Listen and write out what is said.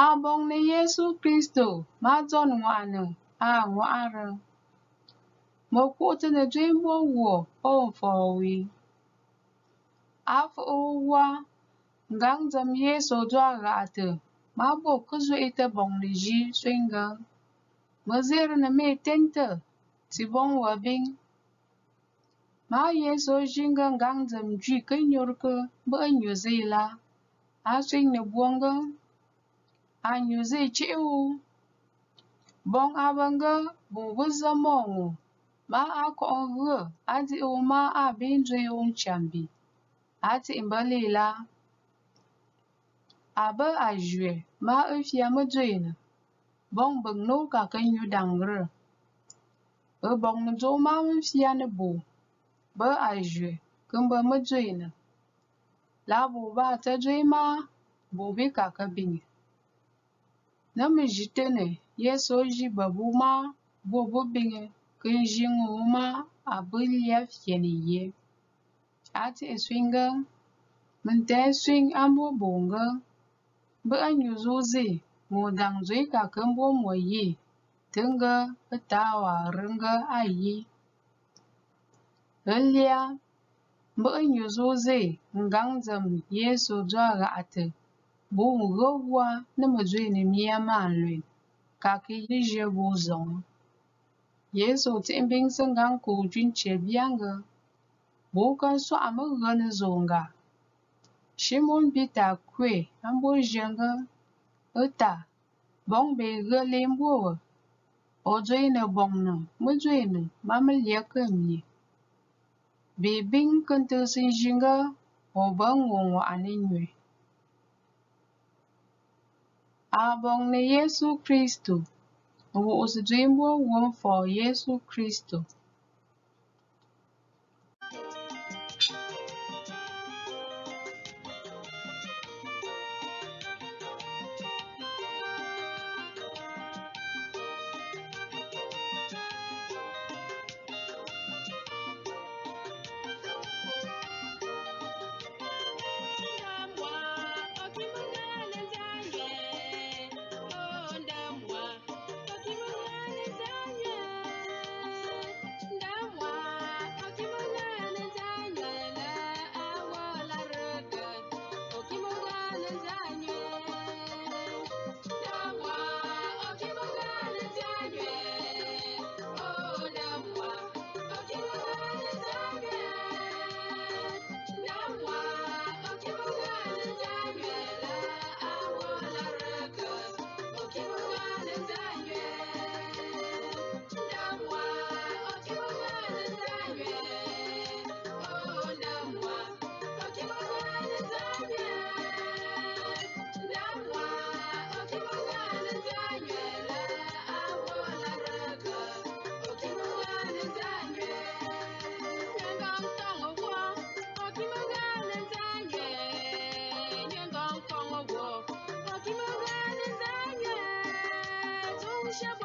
Abong ni Yesu Kristo madzon a ŋwà'arə. Mɨ ku'utɨ nɨ̀ jɨ ghu A fɨ'ɨ Yesu jwa ghà'àtɨ̀ ma bû kɨ zwe'etə bòŋnɨ zhi sweŋgə. Mɨ zîrɨ ma mâ-ɨtentə tsɨ̀ boŋ wə biŋ. Ma Yesu zhi ghɨ ŋgǎŋ nzəm jwǐ kɨ nyurkə a A anyụzịchịu bu bu maakouge adi ma a bindwiu ntsyambi adi ma a u be azhwe maefia medwene bongbengnu la. A be bongnzou ma e ka e ma mefia nebo be azhwe kembe medwene labu ba tedwe ma bu bi kakebinyi Namijitene ye sooji ma bo bobiŋe ji ziŋ ma a bi lya ni ye, a tsi'ì swiŋge mintè swiŋ a bo boŋge bɨ a ze zu dang zo dàŋdzǐ ka kɨ mo mò yî tɨ̀ ŋge ta wa wà rɨŋge a yi. Ghɨ lya, bɨ ɨ nyù zu zî ŋ̀gǎŋ nzèm Yesu djwa ghà'àtə̀. nhà bumugogwa namadzweni miyamalwe kakilije buzoŋo yesu tiɣi biŋsi gaŋ ka o jinchɛ biɛŋgi bo ka sɔɣa mi ghini zonga shimon Peter kwe xem ʒiɛŋgi i ta quê, anh ta, lên ở bɔŋ bee ghi leembuwa o dɔyini bɔŋni mi dɔyini ma mi lɛb ka mi bɛ biŋ kintirisi ʒiŋga o bɛn ŋɔ ŋɔɣu anh nyuɛ Abonne Jesu Christu, wo usidzimbo womfo Jesu Christu. shall